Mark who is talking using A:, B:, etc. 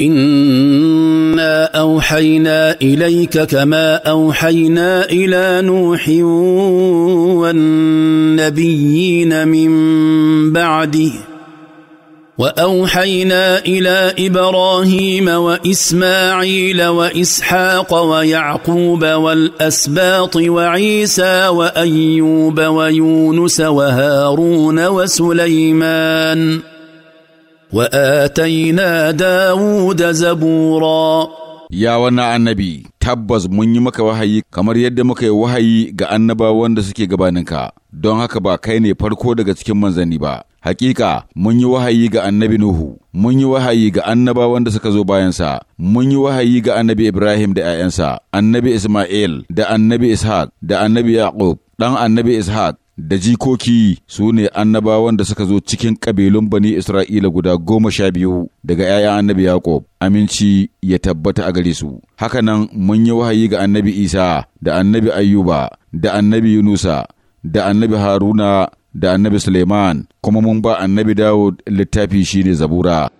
A: انا اوحينا اليك كما اوحينا الى نوح والنبيين من بعده واوحينا الى ابراهيم واسماعيل واسحاق ويعقوب والاسباط وعيسى وايوب ويونس وهارون وسليمان وآتينا داود زبورا
B: يا ونا النبي tabbas mun yi maka wahayi kamar yadda muka yi wahayi ga annabawan wanda suke gabaninka don haka ba kai ne farko daga cikin manzanni ba Hakika mun yi wahayi ga annabi Nuhu, mun yi wahayi ga annabawan da suka zo bayansa, mun yi wahayi ga annabi Ibrahim da ‘ya'yansa, annabi Ismail da annabi Ishaq da annabi Yaqub, ɗan annabi Ishaq da jikoki su ne annabawan da suka zo cikin ƙabilun bani Isra'ila guda goma sha biyu daga ‘ya'yan annabi Yaƙob, aminci ya tabbata a gare su. Hakanan mun yi wahayi ga annabi Isa da annabi ayuba da annabi Yunusa da annabi Haruna da annabi Suleiman kuma mun ba annabi Dawud littafi shi ne zabura.